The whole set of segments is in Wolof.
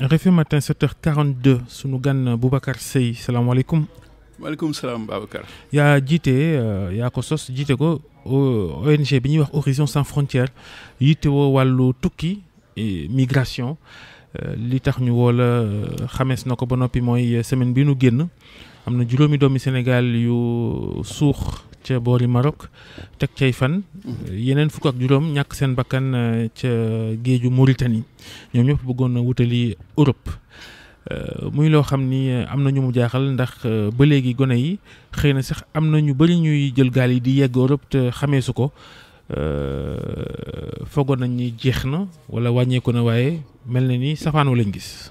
Réfé matin 7h42 sunu gan Boubacar Seye Salam maaleykum salaam Babacar. yaa jiite euh, yaa ko sos jiite ko ONG bi wax Horizon Sans Frontières yittewoo wàllu tukki migration euh, li tax ñu woo la euh, xamees na ko ba noppi mooy semaine bi nu génn am na juróomi Sénégal yu suux. ca boori Maroc teg cay fan mhm. yeneen fukk ak juróom ñàkk seen bakkan euh, ca géeju Mauritanie ñoom ñëpp bëggoon na wutali Europe euh, muy loo xam ni euh, am na ñu mu jaaxal ndax ba léegi gone yi xëy na sax am na ñu bari ñuy jël gaal yi di yegg Europe te xamee su ko foogoon nañ ni jeex na walla wàññeeku na waaye mel na ni safaanoo lañ gis.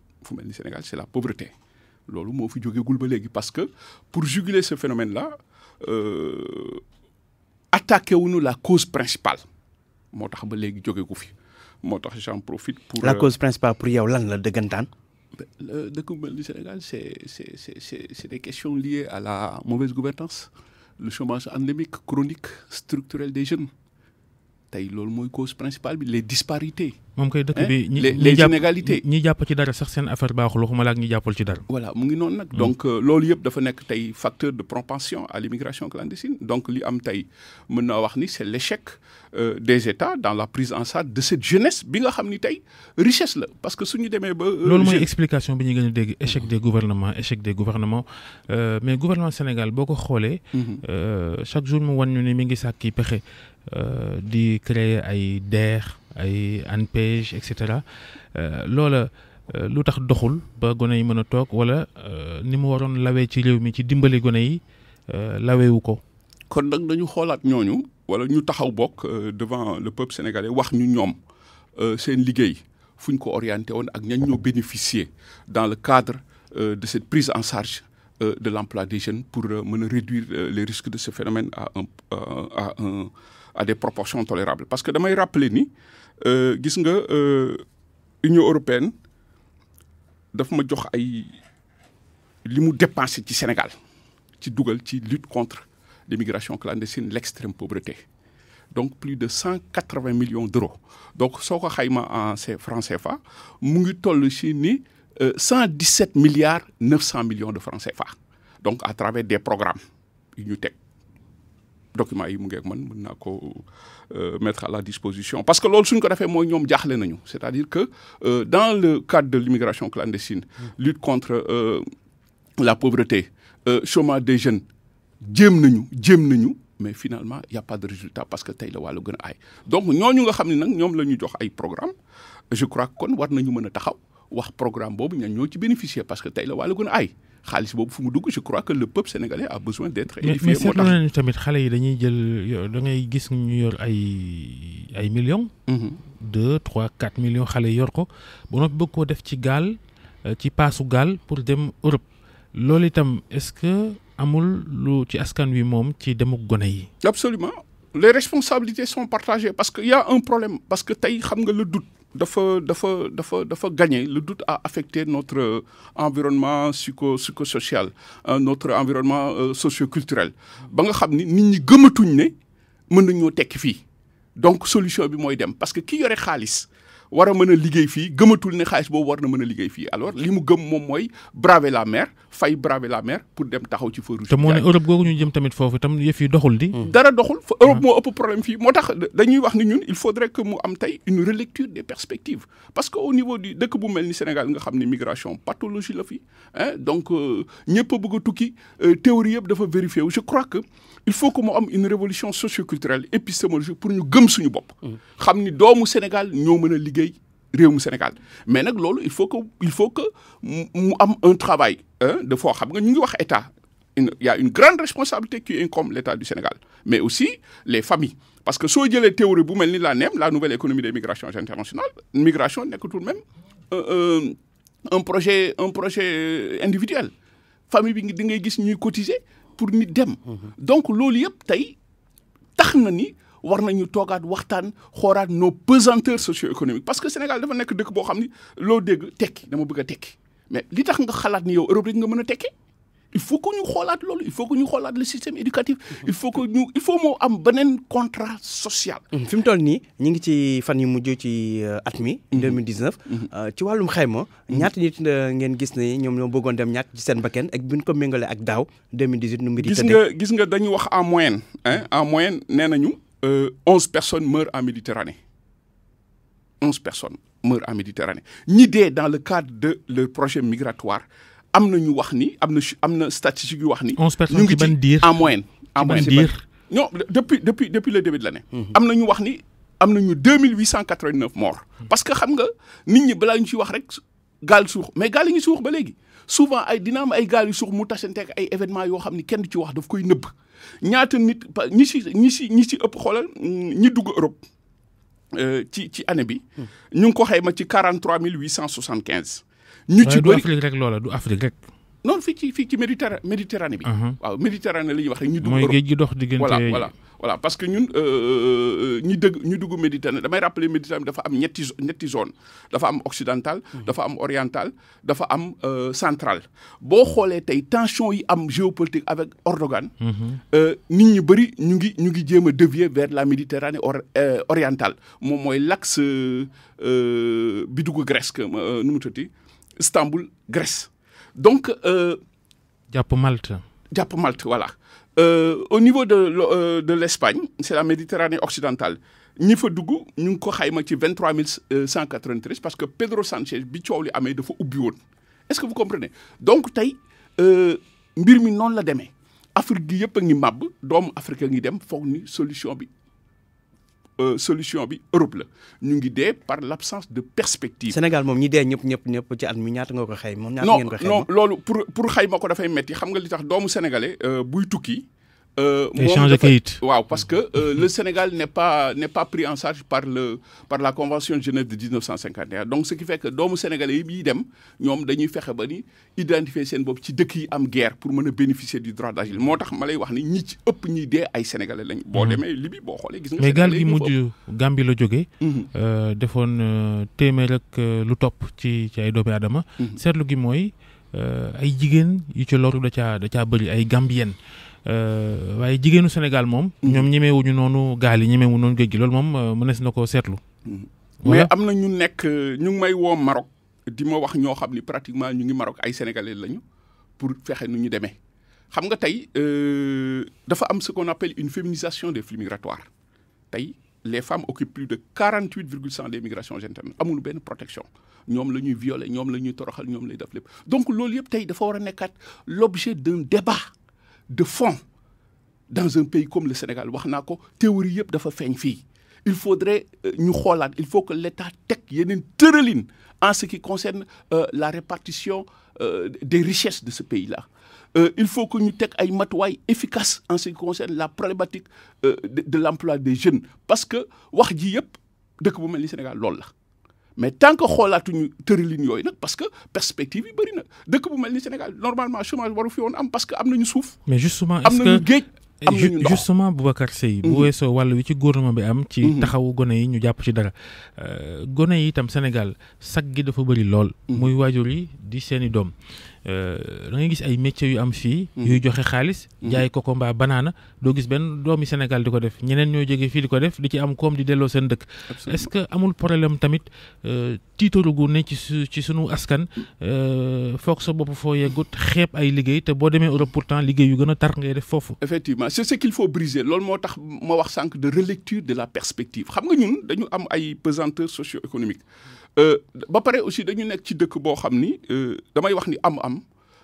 fu mel Sénégal c'est la pauvreté loolu moo fi jógeegul ba léegi parce que pour juguler ce phénomène là euh, attaquez nous la cause principale moo tax ba léegi jógeegu fi j'en profite pour. la euh, cause principale pour yow lan la dëggantaan. Ben, le bu mel Sénégal c'est c'est c'est c'est des questions liées à la mauvaise gouvernance le chômage endémique chronique structurel des jeunes tay loolu moy cause principale bi les disparités. mom koy dëkk bi hein? les inégalités ñi japp ci dara sax seen affaire lu xuma la ak ñi jàppul ci dara. voilà mu ngi noonu nag. Hmm. donc euh, loolu yëpp dafa nek tay facteur de propension à l'immigration clandestine donc li am tay mën wax ni c'est l'échec euh, des États dans la prise en charge de cette jeunesse bi nga xam richesse là, parce que suñu démé ba. Euh, loolu moy explication bi ñi gën dégg échec des gouvernements échec des gouvernements euh, mais gouvernement Sénégal boko xolé mhm. euh chaque jour mu wone ñu ni mi ngi pexé euh di créer ay DER ay ANPEJ etc. Euh loola lutax doxul ba gone yi mëna tok wala ni mu waroon lawé ci réew mi ci dimbali gone yi wu ko. kon nak dañu xolat ñooñu wala ñu taxaw euh, devant le peuple sénégalais wax ñu ñoom euh, seen liguey bénéficier dans le cadre euh, de cette prise en charge de l'emploi des jeunes pour réduire les risques de ce phénomène à des proportions tolérables parce que je rappeler ni gis nga européenne daf ma jox ay limu ci Sénégal ci dougal ci lutte contre l'immigration clandestine, l'extrême pauvreté. donc plus de 180 millions d'euros donc ce xayma en francs CFA euh, cest milliards 900 millions de francs CFA donc à travers des programmes une documents yi mu man euh, mettre à la disposition parce que suñ ko c'est-à-dire que euh, dans le cadre de l'immigration clandestine mmh. lutte contre la pauvreté chômage des jeunes jéem nañu jéem nañu mais finalement il y' a pas de résultat parce que tey la wàllu gën a donc ñooñu nga xamni nak ñom lañu jox ay programme je crois kon war nañu mëna taxaw wax programme bobu ñan ñoo ci bénéficier parce que tey la wàllu gën a aay xaalis boobu fu mu dugg je crois que le peuple sénégalais a besoin d' être édifié moo tax mais tamit xalé yi dañuy jël da ngay gis ñu yor ay ay millions. 2 3 4 millions xalé yor ko bu noppi bëgg koo def ci gal euh, ci paasu gaal pour dem Europe loolu itam est-ce que amul lu ci askan wi ci absolument les responsabilités sont partagées parce que y a un problème parce que tey xam nga le doute dafa dafa dafa dafa gagner le doute a affecté notre euh, environnement psycho psychosocial euh, notre environnement euh, socioculturel ba nga xam ni nit ñi gëmatuñ ne mën nañoo tekki fii donc solution bi mooy dem parce que ki yore xaalis war a mën a liggéey fii gëmatul ne xaalis boobu war na mën a liggéey fii alors li mu gëm moom mooy braver la mer fay braver la mer pour dem taxaw ci feu te moo ne Europe googu ñu jëm tamit foofu tam yëf yi doxul di. Hmm. dara doxul Europe hmm. moo ëpp problème fii moo tax dañuy wax ni ñun il faudrait que mu am tey une relecture des perspectives parce que au niveau du dëkk bu mel ni Sénégal nga xam ne migration pathologie la fi hein donc euh, ñëpp a bëgg a tukki euh, théorie yëpp dafa vérifié wu je crois que il faut que mu am une révolution socioculturelle épistémologique pour ñu gëm suñu bopp. Hmm. xam ni doomu Sénégal ñoo mën a liggéey Sénégal mais il faut que il faut que un travail hein, de force. xam nga il y a une grande responsabilité qui incombe l'état du Sénégal mais aussi les familles parce que si jëlee théorie bu mel ni la NEM la nouvelle économie des migrations internationales migration que tout de même euh, euh, un projet un projet euh, individuel famille bi di ngay gis ñuy cotiser pour nit dem mm-hmm. donc loolu c'est tey tax na ni war nañu toogaat waxtaan xooraat nos pesanteurs socio-économiques parce que Sénégal dafa nekk dëkk boo xam ni loo dégg tekki dama bëgg a tekki mais li tax nga xalaat ni yow Europe rek nga mën a tekke il faut que ñu xoolaat loolu il faut que ñu xoolaat le système éducatif. Mhm. il faut que ñu il faut moo am beneen contrat social. Mhm. fi mu toll nii ñu ngi ci fan yu mujj ci euh, at mi. 2019. Mhm. Euh, ci wàllum xayma. ñaata nit euh, ngeen gis ne ñoom ñoo bëggoon dem ñàkk ci seen bakkan ak bu ko méngalee ak daaw 2018 nu gis nga dañu wax en moyenne. en moyenne nee nañu. 11 euh, personnes meurent en Méditerranée. 11 personnes meurent en Méditerranée. Ni dans le cadre de le projet migratoire, nous ñu wax ni statistique personnes qui ban dire en moyenne. en moyenne non depuis depuis depuis le début de l'année. Nous avons 2889 ñu wax ni morts. Mhm. parce que xam nga nit ñi bala ñu ci wax rek gal mais gal ñi ñu ba souvent ay dina am ay gaal yu suux mu tasanteeg ay événement yoo xam ni kenn ci wax daf koy nëbb ñaata nit ñi si ñi si ñi si ëpp xoolal ñi dugg Europe euh, ci ci année bi. Hmm. ñu ngi ko xayma ci 43 cent ñu ci bëri waaye du Afrique rek loola du Afrique rek. noonu fii ci fii ci Méditerra Méditerranée bi. Mhm. waaw Méditerranée la ñuy wax rek. ñu dugg géej gi dox diggante voilà voilà. voilà parce que ñun euh, euh, ñi dëgg ñu dugg Méditerranée damay rappeler Méditerranée dafa am ñetti ñetti zone dafa am occidental dafa am oriental dafa am euh, central boo xoolee tey tension yi am géopolitique avec Erdogan mhm. nit ñi bëri ñu ngi ñu ngi jéem a dévier vers la Méditerranée orientale moom mooy l'axe bi dugg Grèce que nu mu Istanbul Grèce donc. Euh, Diap Malte. Diap Malte, voilà. Euh, au niveau de, euh, de l'Espagne, c'est la Méditerranée occidentale. ñi fa dugg ñu ko xayma ci vingt trois mille euh, cent quatre vingt treize parce que Pedro Sanchez bi coow li amee dafa est ce que vous comprenez donc tey euh, mbir mi noonu la demee Afrique gi yëpp a ngi màbb doomu Afrique a ngi dem foog ni solution bi euh, solution bi Europe la ñu ngi dé par l'absence de perspective. Sénégal mom ñi dé ñep ñep ñep ci at mi ñaat nga ko xey xayma. ñaata ngeen ko xey non non lolu pour pour xey mako da fay metti xam nga li tax doomu sénégalais euh buy tukki. Euh, Échange de Waaw parce que euh, le Sénégal n'est pas n'est pas pris en charge par le par la convention de Genève de 1951 donc ce qui fait que doomu sénégalais yi bii dem ñoom dañuy fexe ba ni identifier seen bopp ci dëkk yi am guerre pour mën bénéficier du droit d'asile moo tax ma lay wax ni ñi ci ëpp ñuy dee ay sénégalais lañ. boo mhm. demee Libye boo xoolee. gis nga mais gaal gi du Gambie des fois, mhm. euh, defoon euh, téeméer ak euh, lu topp ci ci ay doomi aadama. Mhm. seetlu gi moi. ay jigéen yu ci loru da caa da caa bëri ay gambiennes. Euh, waaye jigéenu Sénégal moom. ñoom ñemewuñu noonu gaal yi ñemewu noonu géej gi loolu moom euh, mënees na koo seetlu. Mm-hmm. mais am na ñu nekk ñu ngi may woo Maroc di ma wax ñoo xam ni pratiquement ñu ngi Maroc ay sénégalais lañu pour fexe nu ñu demee xam nga tey euh, dafa am ce qu'on appelle une féminisation des flux migratoires tey les femmes occupent plus de 48 virgule cent des migrations internes amul benn protection ñoom la ñuy violer ñoom la ñuy toroxal ñoom lay def lépp donc loolu yëpp tey dafa war a nekkaat l'objet d'un débat de fond dans un pays comme le Sénégal Waxnako théorie dafa il faudrait euh, ñu il faut que l'État ait une en ce qui concerne euh, la répartition euh, des richesses de ce pays-là il faut que nous ayons une matuwaay efficace en ce qui concerne la problématique de l'emploi des jeunes parce que wax ji yëpp dëkk bu Sénégal loolu mais tant que xolatuñu tëralin yoy nak parce que perspective na bu Sénégal normalement chômage waru fi am parce que am nañu mais justement est-ce que justement Boubacar sey bu mhm. wi ci gouvernement bi am. ci mhm. taxawu gone yi ñu japp ci dara. Euh, gone yi Sénégal euh, da ngay gis ay métier yu am fii. Mhm. yuy joxe xaalis. Mhm. jaay combat banana doo gis benn doomi Sénégal di ko def ñeneen ñoo jógee fii di ko def di ci am koom di delloo seen dëkk. est-ce que amul problème tamit euh, tiitaru gu ne ci ci sunu askan. Euh, foog sa bopp foo yeggut xeeb ay liggéey te boo demee Europe pourtant liggéey yu gën a tar ngay def foofu. effectivement c'est ce qu'il faut briser loolu moo tax ma wax sànq de relecture de la perspective xam nga ñun dañu am ay pesanteurs socio-économiques. Euh, ba pare aussi dañu nekk ci dëkk boo xam ni euh, damay wax ni am-am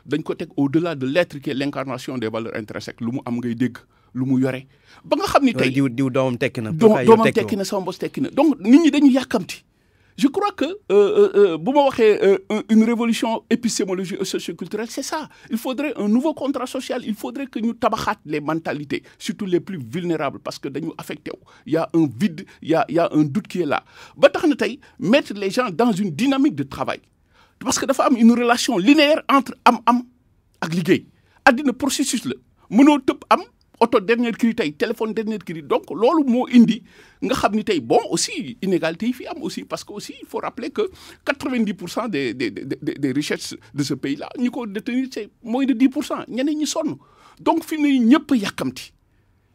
dañ ko teg au-delà de l'être qui est l'incarnation des valeurs intrinsèques lu mu am ngay dégg lu mu ba nga donc nit ñi dañu je crois que, euh, euh, euh, euh, une révolution épistémologique et socioculturelle, c'est ça. Il faudrait un nouveau contrat social. Il faudrait que nous tabachatent les mentalités, surtout les plus vulnérables, parce que nous affectés. Il y a un vide, il y a, un doute qui est là. Mettre les gens dans une dynamique de travail. Parce que y avons une relation linéaire entre am-am et liguey. C'est un processus. Monotop am, auto dernier cri téléphone dernier cri donc ce qui indi nga xamni bon aussi inégalité fi aussi parce que aussi il faut rappeler que 90% des des des richesses de ce pays là ni c'est moins de 10%, pour cent ñi sonn donc fi mu y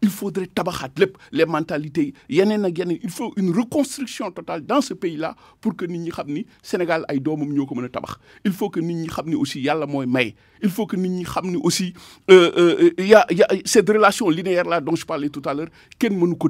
il faudrait tabac à lépp les mentalités ak il faut une reconstruction totale dans ce pays là pour que nit ñi xamni Sénégal ay doomum ñoko mëna tabax il faut que nit ñi xamni aussi yalla moy may il faut que nit ñi xamni aussi euh, euh, euh, y y a cette relation linéaire là dont je parlais tout à l'heure qu'elle mënu ko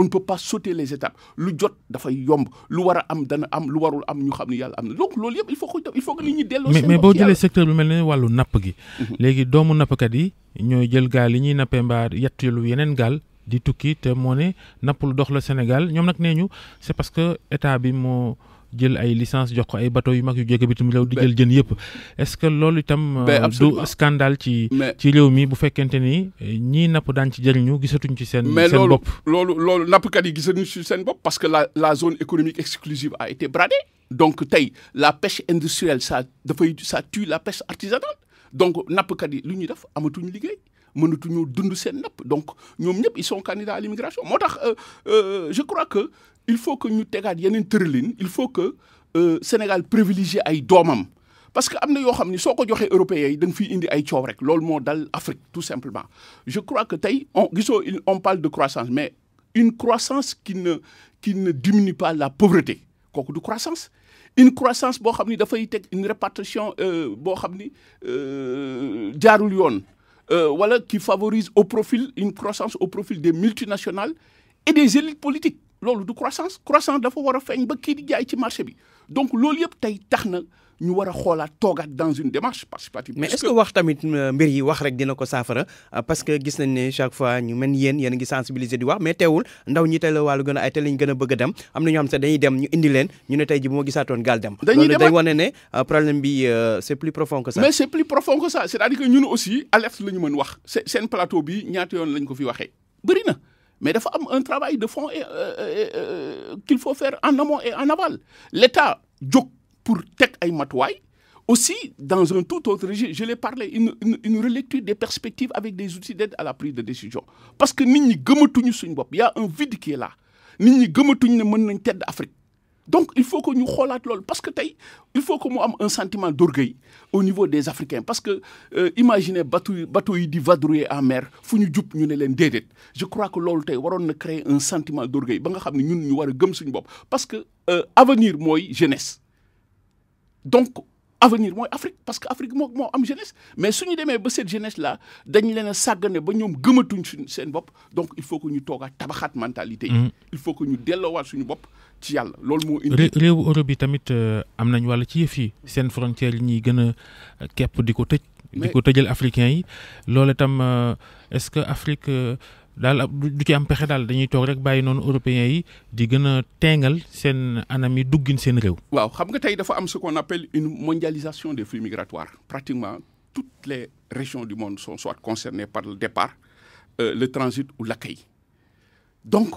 on ne peut pas sauter les étapes lu jot dafay yomb lu wara am dana am lu warul am ñu xamni yalla am donc loolu yeb il faut il faut que nit ñi delloo mais mais bo jëlee secteur bi melni walu nap gi mhm. léegi doomu kat yi ñoy jël gaal yi napé mbar mbaa lu yenen gaal di tukki te moné napul nappul dox le Sénégal ñom nak néñu c'est parce que état bi mo jël ay licence jox ko ay bateau yu mag yu jóge bitum rew di jël jën yépp est-ce que loolu itam euh, du scandale ci ci réew mi bu fekkente ni eh, ñii napp daan ci jëriñu gisatuñ ci seen seen bopp loolu loolu nappkat yi gisatuñ ci seen bopp parce que la la zone économique exclusive a été bradée donc tey la pêche industrielle ça dafay ça tue la pêche artisanale donc nappkat yi lu ñuy def amatuñ liggéey mënatuñu dund seen napp donc ñoom ñëpp ils sont candidats à l'immigration moo tax euh, euh, je crois que il faut que ñu tegaat yeneen tëralin il faut que euh, Sénégal privilégier ay doomam parce que am na yoo xam ni soo européens yi da nga fiy indi ay coow rek loolu moo dal Afrique tout simplement je crois que tey on gisoo on parle de croissance mais une croissance qui ne qui ne diminue pas la pauvreté kooku du croissance une croissance boo xam ni dafay teg une répartition boo xam ni jaarul yoon euh, voilà, qui favorise au profil, une croissance au profil des multinationales et des élites politiques loolu du croissance croissance dafa war a ba kii di jaay ci marché bi donc loolu yëpp tey tax ñu war a xoolaat dans une démarche participative. mais est-ce que wax tamit euh, mbir wax rek dina ko saafara euh, parce que gis nañ ne chaque fois ñu mel yéen yéen a sensibiliser di wax mais teewul ndaw ñi tey la wàllu gën a ay lañ gën bëgg a dem am na ñoo xam dañuy dem ñu indi leen ñu ne tey ji bu ma gisaatoon dem. dañuy euh, problème bi c'est plus profond que ça. mais c'est plus profond que ça c'est-à-dire que ñun aussi alerte la ñu mën wax seen plateau bi ñaata lañ ko fi mais dafa un travail de fond euh, euh, euh, qu'il faut faire en amont et en aval l'État joue pour Tek ay aussi dans un tout autre régime. je l'ai parlé une relecture des perspectives avec des outils d'aide à la prise de décision parce que vide qui nous là. Il y a un vide qui est là Nous nous, ne donc il faut que nous xoolaat loolu parce que tey il faut que mu am un sentiment d'orgueil au niveau des Africains parce que euh, imaginez bateau bateau yi di vadrouiller en mer fu nous jub nous ne leen je crois que loolu tey waroon na créer un sentiment d'orgueil ba nga nous ñun ñu parce que euh, avenir moi jeunesse donc avenir mooy Afrique parce que Afrique moo moo am jeunesse mais suñu démé ba cette jeunesse là dañ leen sagane ba ñom gëmatuñ suñ seen bopp donc il faut que ñu toga tabaxat mentalité yi. Mm-hmm. il faut que ñu délo wat suñu bop ci Yalla lool mo indi réewu Europe yi tamit euh, am nañ wàll ci yef yi seen frontière ñi gëna gën a euh, képp diko ko tëj. di africains yi loolu itam euh, est-ce que Afrique dal du ci am pexe dal dañuy tok rek bàyyi non européens yi di gëna téngal sen anam yi duggin sen réew. waaw xam nga tay dafa am ce qu'on appelle une mondialisation des flux migratoires pratiquement toutes les régions du monde sont soit concernées par le départ euh, le transit ou l'accueil donc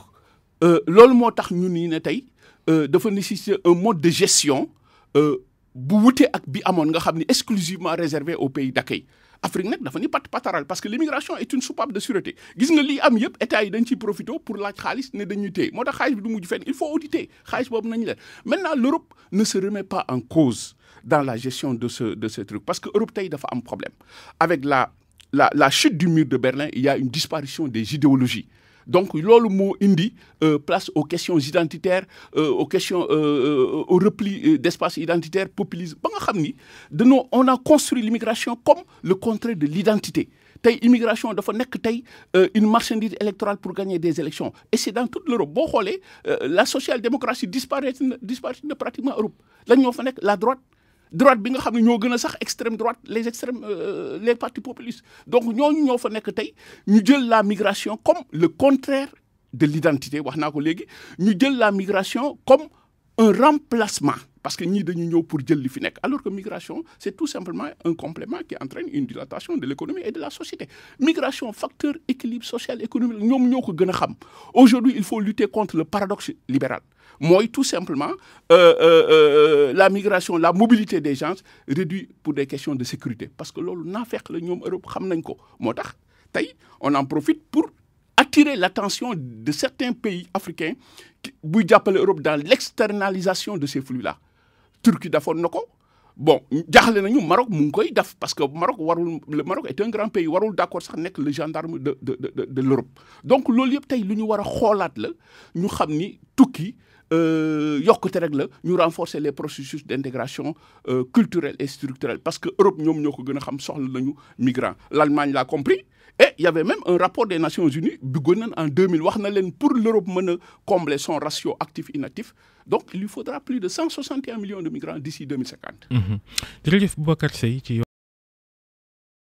euh, loolu moo tax ñun ñi ne tey euh, dafa nécessiter un mode de gestion euh, bu wute ak bi amoon nga xam exclusivement réservé aux pays d'accueil Afrique nak dafa ni pat pataral parce que l'immigration est une soupape de sûreté gis nga li am yeb état yi dañ ci profité pour laaj xaalis ne dañuy té motax bi du il faut auditer bobu nañ la maintenant l'Europe ne se remet pas en cause dans la gestion de ce de ce truc parce que Europe tay dafa am problème avec la la la chute du mur de Berlin il y a une disparition des idéologies donc le mot indi euh, place aux questions identitaires euh, aux questions euh, au repli d'espace identitaire populisme on a construit l'immigration comme le contraire de l'identité L'immigration, immigration une marchandise électorale pour gagner des élections et c'est dans toute l'Europe Bon, la social démocratie disparaît disparaît de pratiquement Europe la droite droite bi nga xamni ñoo extrême droite les extrêmes euh, les partis populistes donc nous, ñoo fa ñu jël la migration comme le contraire de l'identité Nous ko la migration comme un remplacement parce que ni de le pour jël alors que migration c'est tout simplement un complément qui entraîne une dilatation de l'économie et de la société migration facteur équilibre social économique ñom aujourd'hui il faut lutter contre le paradoxe libéral Moi, tout simplement euh, euh, euh, la migration la mobilité des gens réduit pour des questions de sécurité parce que lolu que Europe xam nañ ko on en profite pour attirer l'attention de certains pays africains qui l'Europe dans l'externalisation de ces flux-là Turquie dafon bon Maroc mu parce que Maroc le Maroc est un grand pays warul d'accord sax le gendarme de de de de donc lool yeb tay la euh, renforcer les processus d'intégration euh, culturelle et structurelle parce que Europe nous, nous xam migrants L'Allemagne l'a compris et il y avait même un rapport des Nations Unies, Bugonen en 2000, pour l'Europe combler son ratio actif-inactif. Donc il lui faudra plus de 161 millions de migrants d'ici 2050. Mm mm-hmm.